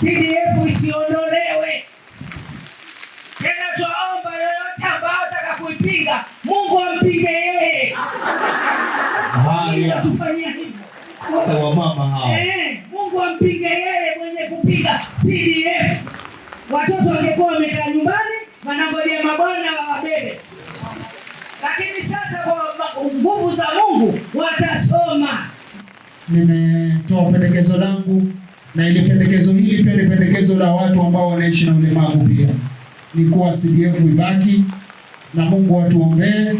CDF isiondolewe tena. Twaomba yoyote ambayo ataka kuipinga, Mungu ampige yeye. Haya, Atufanyia hivyo eh, Mungu ampige yeye mwenye kupiga CDF. Watoto wangekuwa wamekaa nyumbani wanangojea mabwana wawabebe, lakini sasa kwa nguvu za Mungu watasoma. Nimetoa pendekezo langu na ile pendekezo hili pia ni pendekezo la watu ambao wanaishi na ulemavu pia, ni kuwa CDF ibaki, na Mungu watuombee,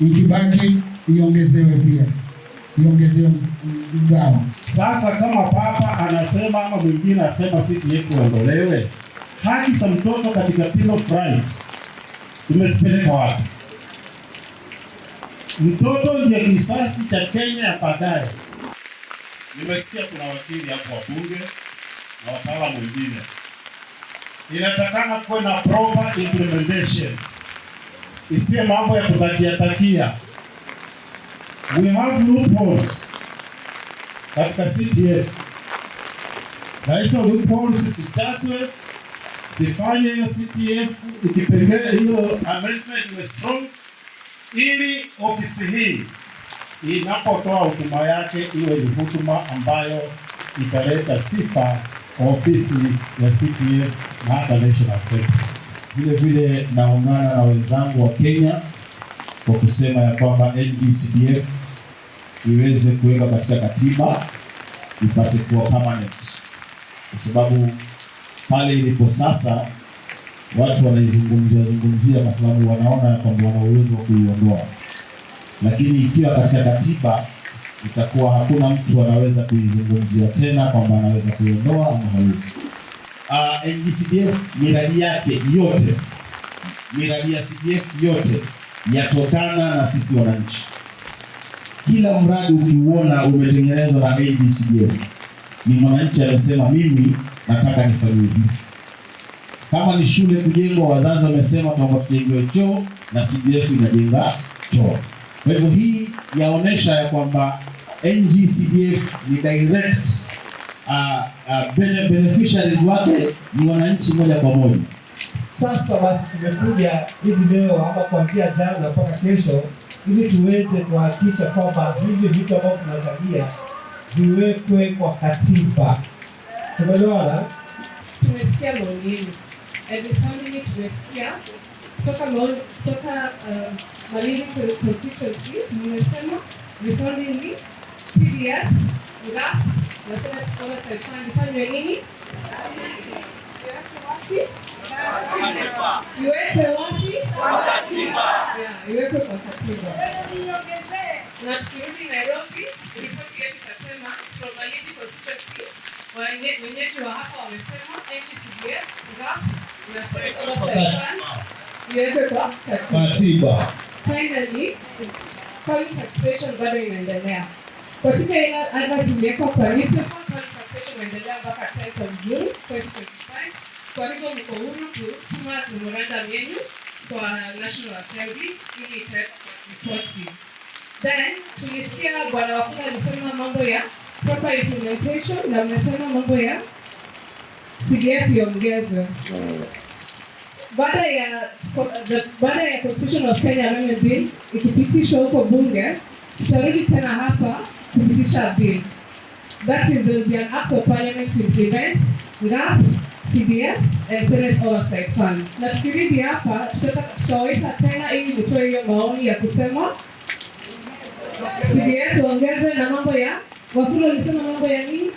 ikibaki iongezewe pia, iongezewe mgao. Sasa kama papa anasema ama mwingine anasema CDF iondolewe, haki za mtoto katika Bill of Rights wapi? Mtoto ndiye kisasi cha Kenya ya baadaye. Nimesikia kuna wakili hapo wa bunge na wataalamu wengine. Inatakana kuwe na proper implementation, isiye mambo ya kutakia takia. We have loopholes katika CTF na hizo loopholes sijazwe, zifanye hiyo CTF ikipengele hiyo amendment iwe strong, ili ofisi hii inapotoa hotuba yake iwe ni hotuba ambayo italeta sifa kwa ofisi ya CPF na hata national sector. Vile vile naungana na wenzangu wa Kenya kwa kusema ya kwamba NBCDF iweze kuweka katika katiba ipate kuwa permanent, kwa sababu pale ilipo sasa watu wanaizungumzia zungumzia, kwa sababu wanaona ya kwamba wana uwezo wa kuiondoa lakini ikiwa katika katiba itakuwa hakuna mtu anaweza kuizungumzia tena kwamba anaweza kuiondoa ama hawezi. Uh, NGCDF miradi yake yote, miradi ya CDF yote yatokana na sisi wananchi. Kila mradi ukiuona umetengenezwa na NGCDF ni mwananchi amesema, mimi nataka nifanyiwe hivi. Kama ni shule kujengwa, wazazi wamesema kwamba tujengewe choo na CDF inajenga choo. Kwa hivyo hii yaonesha ya kwamba NG-CDF ni direct uh, uh, bene beneficiaries wake ni wananchi moja kwa moja. Sasa basi tumekuja hivi leo hapa kuanzia jana mpaka kesho, ili tuweze kuhakikisha kwamba hivi vitu ambavyo tunachangia viwekwe kwa katiba. Tumeelewana? Tumesikia maongezi, tumesikia toka toka Malindi constituency nimesema refunding CDF na nasema tukaona serikali ifanywe nini iwekwe wapi? Iwekwe kwa katiba. Na tukirudi Nairobi, ripoti yetu ikasema Malindi constituency wenyeji wa hapa wamesema NCCDF na iwekwe kwa katiba. Finally, county taxation bado inaendelea katika ile advert iliyoko kwa newspaper. County taxation inaendelea mpaka 10 June 2025. Kwa hivyo mko huru kutuma memorandum yenu kwa National Assembly ili itaweka ripoti. Then tulisikia Bwana Wafula alisema mambo ya proper implementation na mnasema mambo ya CDF iongezwe baada ya baada ya Constitution of Kenya Amendment Bill ikipitishwa huko bunge, tutarudi tena hapa kupitisha bill. That is there will be an act of parliament to implement NGAAF, CDF and Senate Oversight Fund. Na tukirudi hapa tutawaita tena ili mtoe hiyo maoni ya kusema CDF waongeze na mambo ya Wakulu walisema mambo ya nini?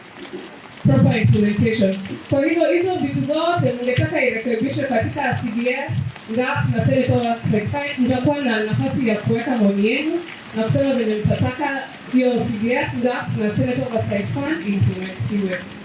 proper implementation. Kwa hivyo hizo vitu zote mngetaka irekebishwe katika CDF ngap na Senate Act 35, mtakuwa na nafasi ya kuweka maoni yenu na kusema vile mtataka hiyo CDF ngap na Senate Act implementiwe.